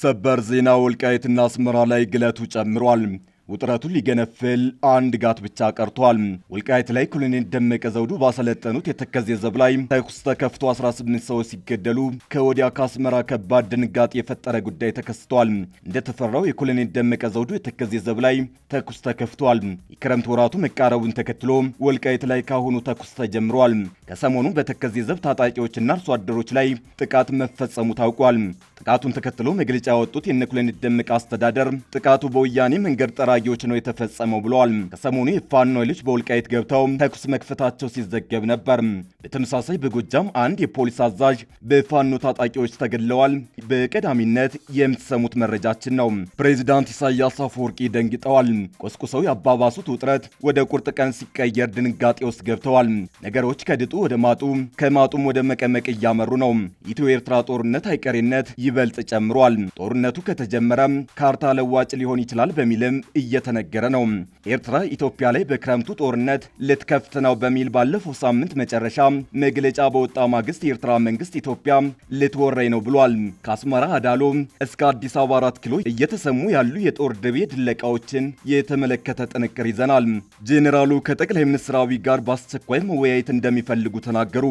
ሰበር ዜና ወልቃይትና አስመራ ላይ ግለቱ ጨምሯል። ውጥረቱን ሊገነፍል አንድ ጋት ብቻ ቀርቷል። ወልቃይት ላይ ኮሎኔል ደመቀ ዘውዱ ባሰለጠኑት የተከዜ ዘብ ላይ ተኩስ ተከፍቶ 18 ሰዎች ሲገደሉ ከወዲያ ከአስመራ ከባድ ድንጋጤ የፈጠረ ጉዳይ ተከስቷል። እንደተፈራው የኮሎኔል ደመቀ ዘውዱ የተከዜ ዘብ ላይ ተኩስ ተከፍቷል። የክረምት ወራቱ መቃረቡን ተከትሎ ወልቃይት ላይ ካሁኑ ተኩስ ተጀምሯል። ከሰሞኑ በተከዜ ዘብ ታጣቂዎችና አርሶ አደሮች ላይ ጥቃት መፈጸሙ ታውቋል። ጥቃቱን ተከትሎ መግለጫ ያወጡት የኮሎኔል ደመቀ አስተዳደር ጥቃቱ በወያኔ መንገድ ጠራ ታጣቂዎች ነው የተፈጸመው ብለዋል። ከሰሞኑ የፋኖ ኃይሎች በወልቃይት ገብተው ተኩስ መክፈታቸው ሲዘገብ ነበር። በተመሳሳይ በጎጃም አንድ የፖሊስ አዛዥ በፋኖ ታጣቂዎች ተገድለዋል። በቀዳሚነት የምትሰሙት መረጃችን ነው። ፕሬዚዳንት ኢሳያስ አፈወርቂ ደንግጠዋል። ቆስቁሰው ያባባሱት ውጥረት ወደ ቁርጥ ቀን ሲቀየር ድንጋጤ ውስጥ ገብተዋል። ነገሮች ከድጡ ወደ ማጡ፣ ከማጡም ወደ መቀመቅ እያመሩ ነው። ኢትዮ ኤርትራ ጦርነት አይቀሬነት ይበልጥ ጨምሯል። ጦርነቱ ከተጀመረ ካርታ ለዋጭ ሊሆን ይችላል በሚልም እየተነገረ ነው። ኤርትራ ኢትዮጵያ ላይ በክረምቱ ጦርነት ልትከፍት ነው በሚል ባለፈው ሳምንት መጨረሻ መግለጫ በወጣ ማግስት የኤርትራ መንግስት ኢትዮጵያ ልትወረኝ ነው ብሏል። ከአስመራ አዳሎ እስከ አዲስ አበባ አራት ኪሎ እየተሰሙ ያሉ የጦር ድቤ ድለቃዎችን የተመለከተ ጥንቅር ይዘናል። ጄኔራሉ ከጠቅላይ ሚኒስትር አብይ ጋር በአስቸኳይ መወያየት እንደሚፈልጉ ተናገሩ።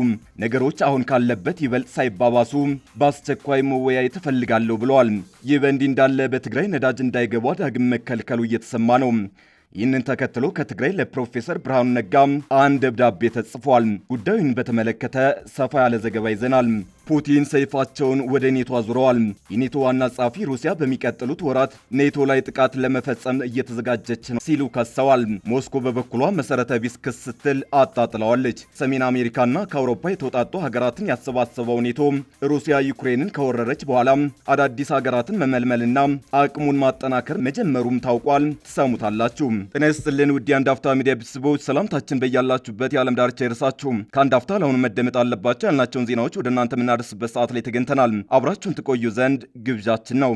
ነገሮች አሁን ካለበት ይበልጥ ሳይባባሱ በአስቸኳይ መወያየት እፈልጋለሁ ብለዋል። ይህ በእንዲህ እንዳለ በትግራይ ነዳጅ እንዳይገባ ዳግም መከልከሉ እየተ የተሰማ ነው። ይህንን ተከትሎ ከትግራይ ለፕሮፌሰር ብርሃኑ ነጋ አንድ ደብዳቤ ተጽፏል። ጉዳዩን በተመለከተ ሰፋ ያለ ዘገባ ይዘናል። ፑቲን ሰይፋቸውን ወደ ኔቶ አዙረዋል። የኔቶ ዋና ጸሐፊ ሩሲያ በሚቀጥሉት ወራት ኔቶ ላይ ጥቃት ለመፈጸም እየተዘጋጀች ነው ሲሉ ከሰዋል። ሞስኮ በበኩሏ መሰረተ ቢስ ክስ ስትል አጣጥለዋለች። ሰሜን አሜሪካና ከአውሮፓ የተውጣጡ ሀገራትን ያሰባሰበው ኔቶ ሩሲያ ዩክሬንን ከወረረች በኋላ አዳዲስ ሀገራትን መመልመልና አቅሙን ማጠናከር መጀመሩም ታውቋል። ትሰሙታላችሁ። ጤና ይስጥልን ውድ የአንድ አፍታ ሚዲያ ቤተሰቦች፣ ሰላምታችን በያላችሁበት የዓለም ዳርቻ የርሳችሁ ከአንድ አፍታ ለአሁኑ መደመጥ አለባቸው ያልናቸውን ዜናዎች ወደ እናንተ ምና በምናደርስበት ሰዓት ላይ ተገኝተናል። አብራችሁን ትቆዩ ዘንድ ግብዣችን ነው።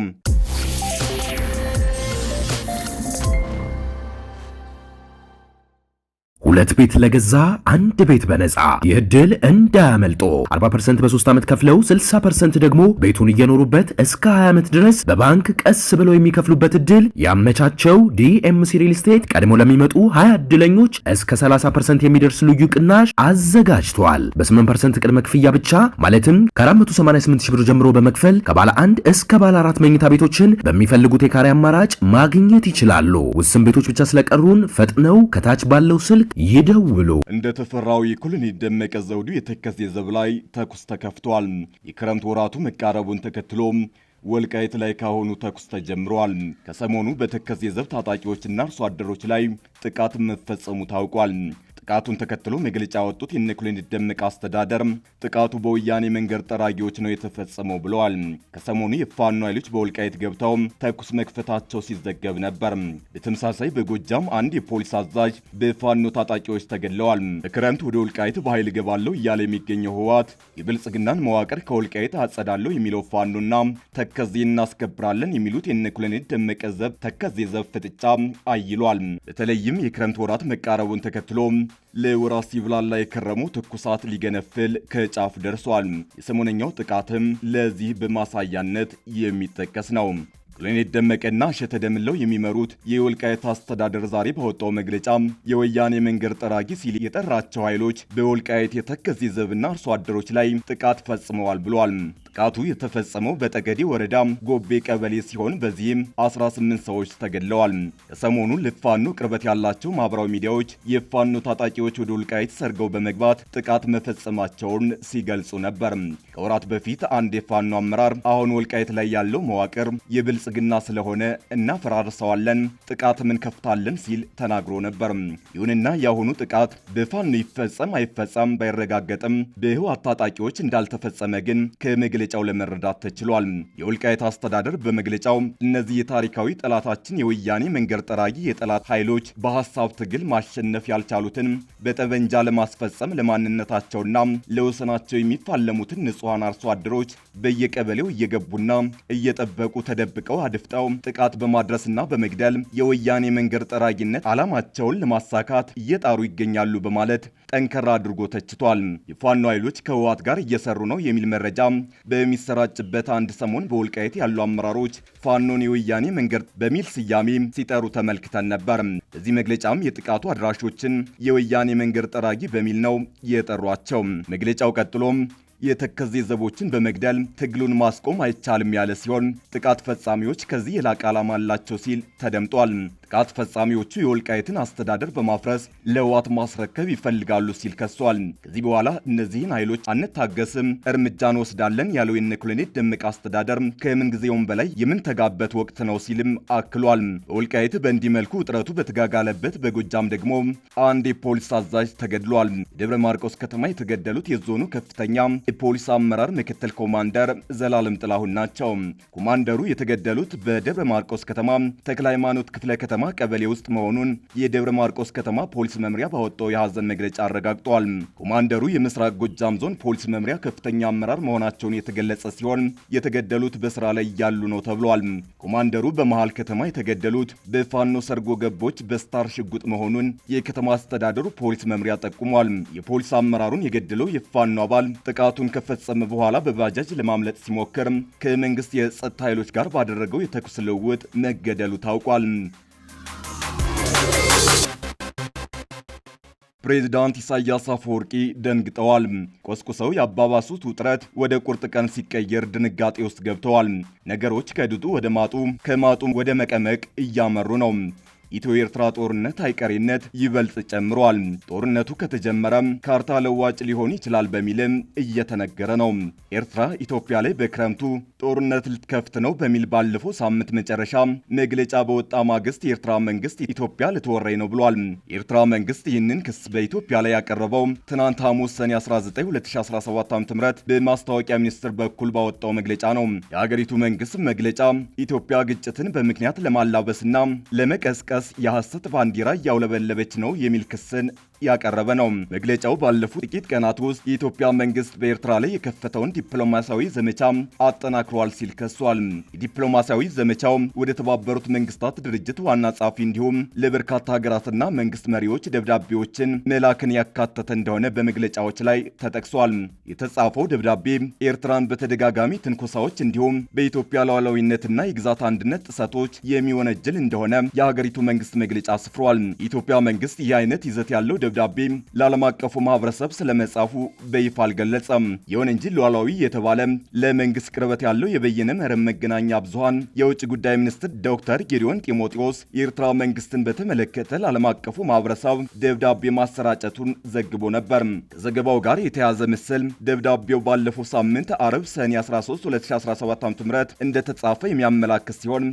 ሁለት ቤት ለገዛ አንድ ቤት በነፃ ይህ ዕድል እንዳያመልጦ 40% በ3 ዓመት ከፍለው 60% ደግሞ ቤቱን እየኖሩበት እስከ 20 ዓመት ድረስ በባንክ ቀስ ብለው የሚከፍሉበት እድል ያመቻቸው ዲኤምሲ ሪል ስቴት ቀድሞ ለሚመጡ 20 እድለኞች እስከ 30% የሚደርስ ልዩ ቅናሽ አዘጋጅቷል። በ8% ቅድመ ክፍያ ብቻ ማለትም ከ488 ሺህ ብር ጀምሮ በመክፈል ከባለ አንድ እስከ ባለ አራት መኝታ ቤቶችን በሚፈልጉት የካሬ አማራጭ ማግኘት ይችላሉ። ውስን ቤቶች ብቻ ስለቀሩን ፈጥነው ከታች ባለው ስልክ ይደውሉ። እንደተፈራው የኮሎኔል ደመቀ ዘውዱ የተከዜ ዘብ ላይ ተኩስ ተከፍቷል። የክረምት ወራቱ መቃረቡን ተከትሎ ወልቃይት ላይ ካሁኑ ተኩስ ተጀምሯል። ከሰሞኑ በተከዜ ዘብ ታጣቂዎችና አርሶ አደሮች ላይ ጥቃት መፈጸሙ ታውቋል። ጥቃቱን ተከትሎ መግለጫ ያወጡት የኮሎኔል ደመቀ አስተዳደር ጥቃቱ በወያኔ መንገድ ጠራጊዎች ነው የተፈጸመው ብለዋል። ከሰሞኑ የፋኖ ኃይሎች በወልቃይት ገብተው ተኩስ መክፈታቸው ሲዘገብ ነበር። በተመሳሳይ በጎጃም አንድ የፖሊስ አዛዥ በፋኖ ታጣቂዎች ተገድለዋል። በክረምት ወደ ወልቃይት በኃይል እገባለሁ እያለ የሚገኘው ህወሓት የብልጽግናን መዋቅር ከወልቃይት አጸዳለሁ የሚለው ፋኖና ተከዜ እናስከብራለን የሚሉት የኮሎኔል ደመቀ ዘብ ተከዜ ዘብ ፍጥጫ አይሏል። በተለይም የክረምት ወራት መቃረቡን ተከትሎ ለወራት ሲብላላ የከረሙ ትኩሳት ሊገነፍል ከጫፍ ደርሷል። የሰሞነኛው ጥቃትም ለዚህ በማሳያነት የሚጠቀስ ነው። ኮሎኔል ደመቀና እሸተ ደምለው የሚመሩት የወልቃይት አስተዳደር ዛሬ በወጣው መግለጫ የወያኔ መንገድ ጠራጊ ሲል የጠራቸው ኃይሎች በወልቃይት የተከዜ ዘብና አርሶ አደሮች ላይ ጥቃት ፈጽመዋል ብሏል። ጥቃቱ የተፈጸመው በጠገዴ ወረዳ ጎቤ ቀበሌ ሲሆን በዚህም 18 ሰዎች ተገድለዋል። የሰሞኑ ለፋኖ ቅርበት ያላቸው ማህበራዊ ሚዲያዎች የፋኖ ታጣቂዎች ወደ ወልቃይት ሰርገው በመግባት ጥቃት መፈጸማቸውን ሲገልጹ ነበር። ከወራት በፊት አንድ የፋኖ አመራር አሁን ወልቃይት ላይ ያለው መዋቅር የብልጽግና ስለሆነ እናፈራርሰዋለን፣ ምን ከፍታለን ሲል ተናግሮ ነበር። ይሁንና የአሁኑ ጥቃት በፋኖ ይፈጸም አይፈጸም ባይረጋገጥም በህወሓት ታጣቂዎች እንዳልተፈጸመ ግን ከምግ መግለጫው ለመረዳት ተችሏል። የወልቃይት አስተዳደር በመግለጫው እነዚህ የታሪካዊ ጠላታችን የወያኔ መንገድ ጠራጊ የጠላት ኃይሎች በሐሳብ ትግል ማሸነፍ ያልቻሉትን በጠበንጃ ለማስፈጸም ለማንነታቸውና ለወሰናቸው የሚፋለሙትን ንጹሐን አርሶ አደሮች በየቀበሌው እየገቡና እየጠበቁ ተደብቀው አድፍጠው ጥቃት በማድረስና በመግደል የወያኔ መንገድ ጠራጊነት ዓላማቸውን ለማሳካት እየጣሩ ይገኛሉ በማለት ጠንከራ አድርጎ ተችቷል። የፋኖ ኃይሎች ከህወሓት ጋር እየሰሩ ነው የሚል መረጃ በሚሰራጭበት አንድ ሰሞን በወልቃይት ያሉ አመራሮች ፋኖን የወያኔ መንገድ በሚል ስያሜ ሲጠሩ ተመልክተን ነበር። በዚህ መግለጫም የጥቃቱ አድራሾችን የወያኔ መንገድ ጠራጊ በሚል ነው የጠሯቸው። መግለጫው ቀጥሎም የተከዜ ዘቦችን በመግደል ትግሉን ማስቆም አይቻልም ያለ ሲሆን ጥቃት ፈጻሚዎች ከዚህ የላቀ ዓላማ አላቸው ሲል ተደምጧል። ጥቃት ፈጻሚዎቹ የወልቃይትን አስተዳደር በማፍረስ ለዋት ማስረከብ ይፈልጋሉ ሲል ከሷል። ከዚህ በኋላ እነዚህን ኃይሎች አንታገስም፣ እርምጃ እንወስዳለን ያለው የኮሎኔል ደመቀ አስተዳደር ከምን ጊዜውም በላይ የምንተጋበት ወቅት ነው ሲልም አክሏል። በወልቃይት በእንዲህ መልኩ ውጥረቱ በተጋጋለበት በጎጃም ደግሞ አንድ የፖሊስ አዛዥ ተገድሏል። ደብረ ማርቆስ ከተማ የተገደሉት የዞኑ ከፍተኛ የፖሊስ አመራር ምክትል ኮማንደር ዘላለም ጥላሁን ናቸው። ኮማንደሩ የተገደሉት በደብረ ማርቆስ ከተማ ተክለ ሃይማኖት ክፍለ ከተማ ከተማ ቀበሌ ውስጥ መሆኑን የደብረ ማርቆስ ከተማ ፖሊስ መምሪያ ባወጣው የሐዘን መግለጫ አረጋግጧል። ኮማንደሩ የምስራቅ ጎጃም ዞን ፖሊስ መምሪያ ከፍተኛ አመራር መሆናቸውን የተገለጸ ሲሆን የተገደሉት በስራ ላይ ያሉ ነው ተብሏል። ኮማንደሩ በመሃል ከተማ የተገደሉት በፋኖ ሰርጎ ገቦች በስታር ሽጉጥ መሆኑን የከተማ አስተዳደሩ ፖሊስ መምሪያ ጠቁሟል። የፖሊስ አመራሩን የገደለው የፋኖ አባል ጥቃቱን ከፈጸመ በኋላ በባጃጅ ለማምለጥ ሲሞክር ከመንግስት የጸጥታ ኃይሎች ጋር ባደረገው የተኩስ ልውውጥ መገደሉ ታውቋል። ፕሬዚዳንት ኢሳያስ አፈወርቂ ደንግጠዋል። ቆስቁሰው ያባባሱት ውጥረት ወደ ቁርጥ ቀን ሲቀየር ድንጋጤ ውስጥ ገብተዋል። ነገሮች ከድጡ ወደ ማጡ፣ ከማጡ ወደ መቀመቅ እያመሩ ነው። ኢትዮ ኤርትራ ጦርነት አይቀሬነት ይበልጥ ጨምሯል። ጦርነቱ ከተጀመረ ካርታ ለዋጭ ሊሆን ይችላል በሚልም እየተነገረ ነው። ኤርትራ ኢትዮጵያ ላይ በክረምቱ ጦርነት ልትከፍት ነው በሚል ባለፈው ሳምንት መጨረሻ መግለጫ በወጣ ማግስት የኤርትራ መንግስት ኢትዮጵያ ልትወረኝ ነው ብሏል። የኤርትራ መንግስት ይህንን ክስ በኢትዮጵያ ላይ ያቀረበው ትናንት ሐሙስ ሰኔ 19 2017 ዓ.ም በማስታወቂያ ሚኒስትር በኩል ባወጣው መግለጫ ነው። የአገሪቱ መንግስት መግለጫ ኢትዮጵያ ግጭትን በምክንያት ለማላበስና ለመቀስቀስ የሐሰት ባንዲራ እያውለበለበች ነው የሚል ክስን ያቀረበ ነው። መግለጫው ባለፉት ጥቂት ቀናት ውስጥ የኢትዮጵያ መንግስት በኤርትራ ላይ የከፈተውን ዲፕሎማሲያዊ ዘመቻ አጠናክሯል ሲል ከሷል። የዲፕሎማሲያዊ ዘመቻው ወደ ተባበሩት መንግስታት ድርጅት ዋና ጸሐፊ እንዲሁም ለበርካታ ሀገራትና መንግስት መሪዎች ደብዳቤዎችን መላክን ያካተተ እንደሆነ በመግለጫዎች ላይ ተጠቅሷል። የተጻፈው ደብዳቤ ኤርትራን በተደጋጋሚ ትንኮሳዎች እንዲሁም በኢትዮጵያ ሉዓላዊነትና የግዛት አንድነት ጥሰቶች የሚወነጅል እንደሆነ የሀገሪቱ መንግስት መግለጫ አስፍሯል። የኢትዮጵያ መንግስት ይህ አይነት ይዘት ያለው ደብዳቤ ለዓለም አቀፉ ማህበረሰብ ስለመጻፉ በይፋ አልገለጸም። ይሁን እንጂ ሉዓላዊ የተባለ ለመንግስት ቅርበት ያለው የበየነ መረብ መገናኛ ብዙሃን የውጭ ጉዳይ ሚኒስትር ዶክተር ጌዲዮን ጢሞቴዎስ የኤርትራ መንግስትን በተመለከተ ለዓለም አቀፉ ማህበረሰብ ደብዳቤ ማሰራጨቱን ዘግቦ ነበር። ከዘገባው ጋር የተያዘ ምስል ደብዳቤው ባለፈው ሳምንት አረብ ሰኔ 13 2017 ዓ.ም እንደተጻፈ የሚያመላክት ሲሆን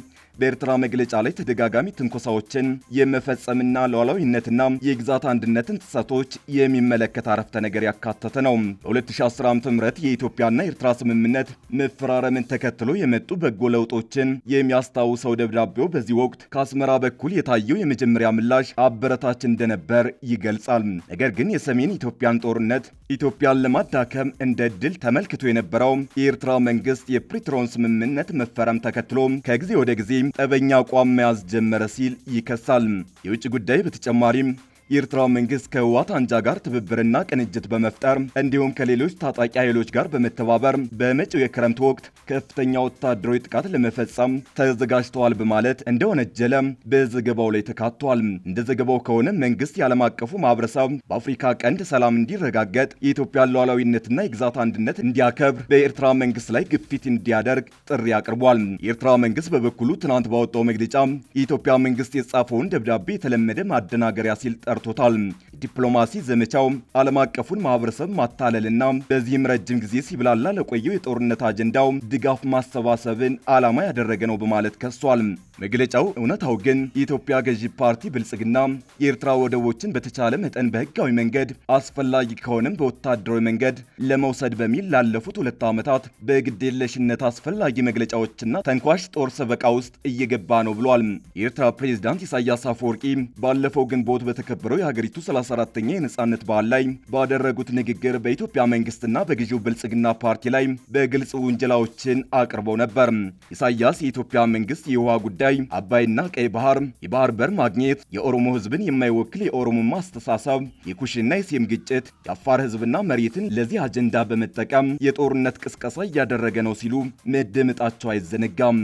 በኤርትራ መግለጫ ላይ ተደጋጋሚ ትንኮሳዎችን የመፈጸምና ሉዓላዊነትና የግዛት አንድነትን ጥሰቶች የሚመለከት አረፍተ ነገር ያካተተ ነው። በ2010 ዓ ም የኢትዮጵያና ኤርትራ ስምምነት መፈራረምን ተከትሎ የመጡ በጎ ለውጦችን የሚያስታውሰው ደብዳቤው በዚህ ወቅት ከአስመራ በኩል የታየው የመጀመሪያ ምላሽ አበረታች እንደነበር ይገልጻል። ነገር ግን የሰሜን ኢትዮጵያን ጦርነት ኢትዮጵያን ለማዳከም እንደ ድል ተመልክቶ የነበረው የኤርትራ መንግስት የፕሪቶሪያውን ስምምነት መፈረም ተከትሎ ከጊዜ ወደ ጊዜ ጠበኛ አቋም መያዝ ጀመረ ሲል ይከሳል። የውጭ ጉዳይ በተጨማሪም የኤርትራ መንግስት ከህወሓት አንጃ ጋር ትብብርና ቅንጅት በመፍጠር እንዲሁም ከሌሎች ታጣቂ ኃይሎች ጋር በመተባበር በመጪው የክረምት ወቅት ከፍተኛ ወታደራዊ ጥቃት ለመፈጸም ተዘጋጅተዋል በማለት እንደወነጀለ በዘገባው ላይ ተካቷል። እንደ ዘገባው ከሆነ መንግስት የዓለም አቀፉ ማህበረሰብ በአፍሪካ ቀንድ ሰላም እንዲረጋገጥ የኢትዮጵያን ሉዓላዊነትና የግዛት አንድነት እንዲያከብር በኤርትራ መንግስት ላይ ግፊት እንዲያደርግ ጥሪ አቅርቧል። የኤርትራ መንግስት በበኩሉ ትናንት ባወጣው መግለጫ የኢትዮጵያ መንግስት የጻፈውን ደብዳቤ የተለመደ ማደናገሪያ ሲል ቀርቶታል። ዲፕሎማሲ ዘመቻው ዓለም አቀፉን ማህበረሰብ ማታለልና በዚህም ረጅም ጊዜ ሲብላላ ለቆየው የጦርነት አጀንዳው ድጋፍ ማሰባሰብን ዓላማ ያደረገ ነው በማለት ከሷል። መግለጫው እውነታው ግን የኢትዮጵያ ገዢ ፓርቲ ብልጽግና የኤርትራ ወደቦችን በተቻለ መጠን በህጋዊ መንገድ አስፈላጊ ከሆነም በወታደራዊ መንገድ ለመውሰድ በሚል ላለፉት ሁለት ዓመታት በግዴለሽነት አስፈላጊ መግለጫዎችና ተንኳሽ ጦር ሰበቃ ውስጥ እየገባ ነው ብሏል። የኤርትራ ፕሬዚዳንት ኢሳያስ አፈወርቂ ባለፈው ግንቦት በተከበ በተከበረው የሀገሪቱ 34 ተኛ የነጻነት በዓል ላይ ባደረጉት ንግግር በኢትዮጵያ መንግስትና በግዢው ብልጽግና ፓርቲ ላይ በግልጽ ውንጀላዎችን አቅርበው ነበር። ኢሳያስ የኢትዮጵያ መንግስት የውሃ ጉዳይ፣ አባይና ቀይ ባህር፣ የባህር በር ማግኘት፣ የኦሮሞ ህዝብን የማይወክል የኦሮሞማ አስተሳሰብ፣ የኩሽና የሴም ግጭት፣ የአፋር ህዝብና መሬትን ለዚህ አጀንዳ በመጠቀም የጦርነት ቅስቀሳ እያደረገ ነው ሲሉ መደምጣቸው አይዘነጋም።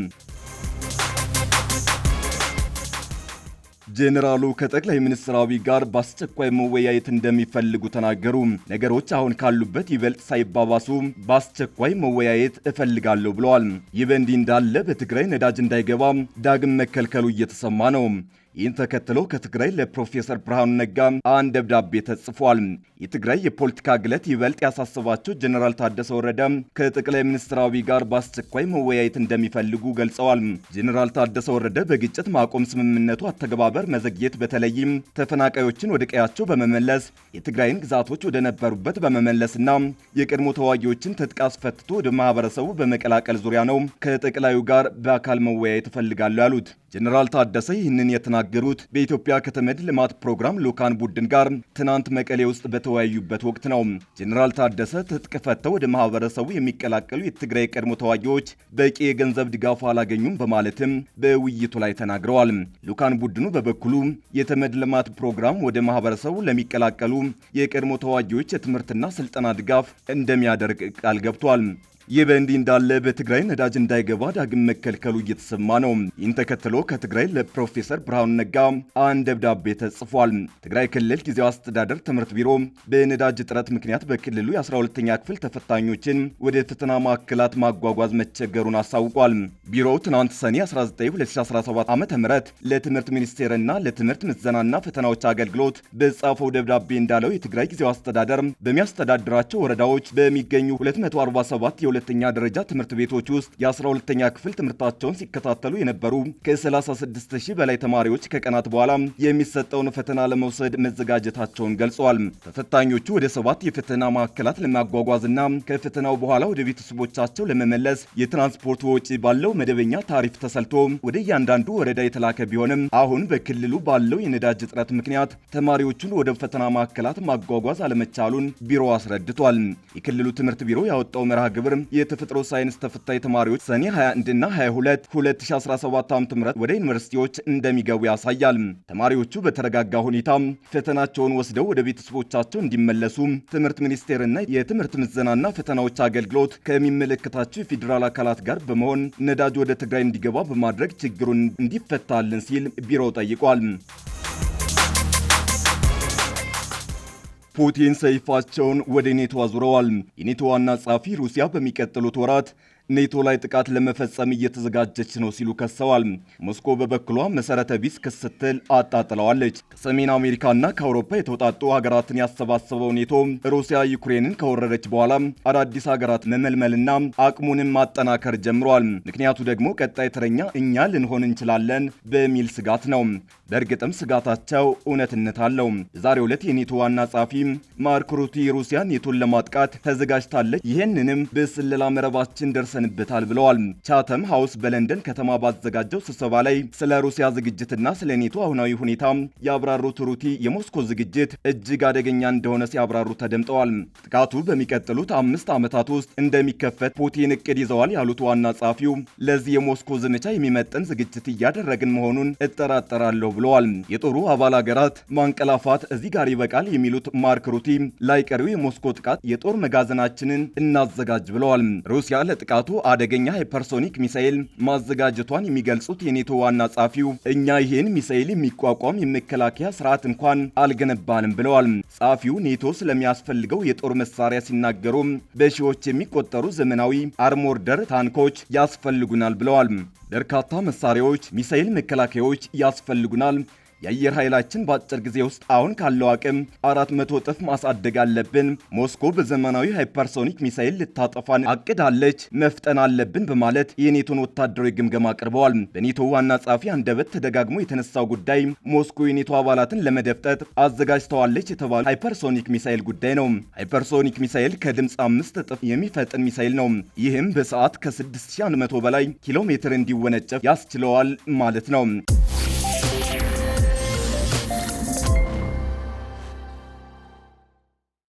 ጄኔራሉ ከጠቅላይ ሚኒስትር አብይ ጋር በአስቸኳይ መወያየት እንደሚፈልጉ ተናገሩ። ነገሮች አሁን ካሉበት ይበልጥ ሳይባባሱ በአስቸኳይ መወያየት እፈልጋለሁ ብለዋል። ይህ በእንዲህ እንዳለ በትግራይ ነዳጅ እንዳይገባ ዳግም መከልከሉ እየተሰማ ነው። ይህን ተከትሎ ከትግራይ ለፕሮፌሰር ብርሃኑ ነጋ አንድ ደብዳቤ ተጽፏል። የትግራይ የፖለቲካ ግለት ይበልጥ ያሳሰባቸው ጀኔራል ታደሰ ወረደ ከጠቅላይ ሚኒስትር አብይ ጋር በአስቸኳይ መወያየት እንደሚፈልጉ ገልጸዋል። ጀኔራል ታደሰ ወረደ በግጭት ማቆም ስምምነቱ አተገባበር መዘግየት፣ በተለይም ተፈናቃዮችን ወደ ቀያቸው በመመለስ የትግራይን ግዛቶች ወደ ነበሩበት በመመለስና የቀድሞ ተዋጊዎችን ትጥቅ አስፈትቶ ወደ ማህበረሰቡ በመቀላቀል ዙሪያ ነው ከጠቅላዩ ጋር በአካል መወያየት እፈልጋለሁ ያሉት ጀነራል ታደሰ ይህንን የተናገሩት በኢትዮጵያ ከተመድ ልማት ፕሮግራም ሉካን ቡድን ጋር ትናንት መቀሌ ውስጥ በተወያዩበት ወቅት ነው። ጀነራል ታደሰ ትጥቅ ፈተው ወደ ማህበረሰቡ የሚቀላቀሉ የትግራይ ቀድሞ ተዋጊዎች በቂ የገንዘብ ድጋፉ አላገኙም በማለትም በውይይቱ ላይ ተናግረዋል። ልዑካን ቡድኑ በበኩሉ የተመድ ልማት ፕሮግራም ወደ ማህበረሰቡ ለሚቀላቀሉ የቀድሞ ተዋጊዎች የትምህርትና ስልጠና ድጋፍ እንደሚያደርግ ቃል ገብቷል። ይህ በእንዲህ እንዳለ በትግራይ ነዳጅ እንዳይገባ ዳግም መከልከሉ እየተሰማ ነው። ይህን ተከትሎ ከትግራይ ለፕሮፌሰር ብርሃኑ ነጋ አንድ ደብዳቤ ተጽፏል። ትግራይ ክልል ጊዜያዊ አስተዳደር ትምህርት ቢሮ በነዳጅ እጥረት ምክንያት በክልሉ የ12ኛ ክፍል ተፈታኞችን ወደ ፈተና ማዕከላት ማጓጓዝ መቸገሩን አሳውቋል። ቢሮው ትናንት ሰኔ 192017 ዓ ም ለትምህርት ሚኒስቴርና ለትምህርት ምዘናና ፈተናዎች አገልግሎት በጻፈው ደብዳቤ እንዳለው የትግራይ ጊዜያዊ አስተዳደር በሚያስተዳድራቸው ወረዳዎች በሚገኙ 247 ሁለተኛ ደረጃ ትምህርት ቤቶች ውስጥ የ12ተኛ ክፍል ትምህርታቸውን ሲከታተሉ የነበሩ ከ36 ሺህ በላይ ተማሪዎች ከቀናት በኋላ የሚሰጠውን ፈተና ለመውሰድ መዘጋጀታቸውን ገልጸዋል። ተፈታኞቹ ወደ ሰባት የፈተና ማዕከላት ለማጓጓዝና ከፈተናው በኋላ ወደ ቤተሰቦቻቸው ለመመለስ የትራንስፖርት ወጪ ባለው መደበኛ ታሪፍ ተሰልቶ ወደ እያንዳንዱ ወረዳ የተላከ ቢሆንም አሁን በክልሉ ባለው የነዳጅ እጥረት ምክንያት ተማሪዎቹን ወደ ፈተና ማዕከላት ማጓጓዝ አለመቻሉን ቢሮ አስረድቷል። የክልሉ ትምህርት ቢሮ ያወጣው መርሃ ግብር የተፈጥሮ ሳይንስ ተፈታኝ ተማሪዎች ሰኔ 21 እና 22 2017 ዓ.ም ወደ ዩኒቨርሲቲዎች እንደሚገቡ ያሳያል። ተማሪዎቹ በተረጋጋ ሁኔታ ፈተናቸውን ወስደው ወደ ቤተሰቦቻቸው እንዲመለሱ ትምህርት ሚኒስቴርና የትምህርት ምዘናና ፈተናዎች አገልግሎት ከሚመለከታቸው የፌዴራል አካላት ጋር በመሆን ነዳጅ ወደ ትግራይ እንዲገባ በማድረግ ችግሩን እንዲፈታልን ሲል ቢሮው ጠይቋል። ፑቲን ሰይፋቸውን ወደ ኔቶ አዙረዋል። የኔቶ ዋና ጸሐፊ ሩሲያ በሚቀጥሉት ወራት ኔቶ ላይ ጥቃት ለመፈጸም እየተዘጋጀች ነው ሲሉ ከሰዋል። ሞስኮ በበኩሏ መሰረተ ቢስ ክስ ስትል አጣጥለዋለች። ከሰሜን አሜሪካና ከአውሮፓ የተውጣጡ ሀገራትን ያሰባሰበው ኔቶ ሩሲያ ዩክሬንን ከወረረች በኋላ አዳዲስ ሀገራት መመልመልና አቅሙንም ማጠናከር ጀምሯል። ምክንያቱ ደግሞ ቀጣይ ተረኛ እኛ ልንሆን እንችላለን በሚል ስጋት ነው። በእርግጥም ስጋታቸው እውነትነት አለው። ዛሬ ዕለት የኔቶ ዋና ጸሐፊ ማርክ ሩቲ ሩሲያ ኔቶን ለማጥቃት ተዘጋጅታለች፣ ይህንንም በስለላ መረባችን ደርስ ደርሰንበታል ብለዋል። ቻተም ሀውስ በለንደን ከተማ ባዘጋጀው ስብሰባ ላይ ስለ ሩሲያ ዝግጅትና ስለ ኔቶ አሁናዊ ሁኔታ ያብራሩት ሩቲ የሞስኮ ዝግጅት እጅግ አደገኛ እንደሆነ ሲያብራሩ ተደምጠዋል። ጥቃቱ በሚቀጥሉት አምስት ዓመታት ውስጥ እንደሚከፈት ፑቲን እቅድ ይዘዋል ያሉት ዋና ጸሐፊው ለዚህ የሞስኮ ዘመቻ የሚመጥን ዝግጅት እያደረግን መሆኑን እጠራጠራለሁ ብለዋል። የጦሩ አባል ሀገራት ማንቀላፋት እዚህ ጋር ይበቃል የሚሉት ማርክ ሩቲ ላይቀሪው የሞስኮ ጥቃት የጦር መጋዘናችንን እናዘጋጅ ብለዋል። ሩሲያ ለጥቃቱ ጥቃቱ አደገኛ ሃይፐርሶኒክ ሚሳኤል ማዘጋጀቷን የሚገልጹት የኔቶ ዋና ጸሐፊው እኛ ይህን ሚሳኤል የሚቋቋም የመከላከያ ስርዓት እንኳን አልገነባንም ብለዋል። ጸሐፊው ኔቶ ስለሚያስፈልገው የጦር መሳሪያ ሲናገሩ በሺዎች የሚቆጠሩ ዘመናዊ አርሞርደር ታንኮች ያስፈልጉናል ብለዋል። በርካታ መሳሪያዎች፣ ሚሳኤል መከላከያዎች ያስፈልጉናል የአየር ኃይላችን በአጭር ጊዜ ውስጥ አሁን ካለው አቅም አራት መቶ እጥፍ ማሳደግ አለብን። ሞስኮ በዘመናዊ ሃይፐርሶኒክ ሚሳይል ልታጠፋን አቅዳለች፣ መፍጠን አለብን በማለት የኔቶን ወታደራዊ ግምገማ አቅርበዋል። በኔቶ ዋና ጸሐፊ አንደበት ተደጋግሞ የተነሳው ጉዳይ ሞስኮ የኔቶ አባላትን ለመደፍጠት አዘጋጅተዋለች የተባለ ሃይፐርሶኒክ ሚሳይል ጉዳይ ነው። ሃይፐርሶኒክ ሚሳይል ከድምፅ አምስት እጥፍ የሚፈጥን ሚሳይል ነው። ይህም በሰዓት ከ6100 በላይ ኪሎ ሜትር እንዲወነጨፍ ያስችለዋል ማለት ነው።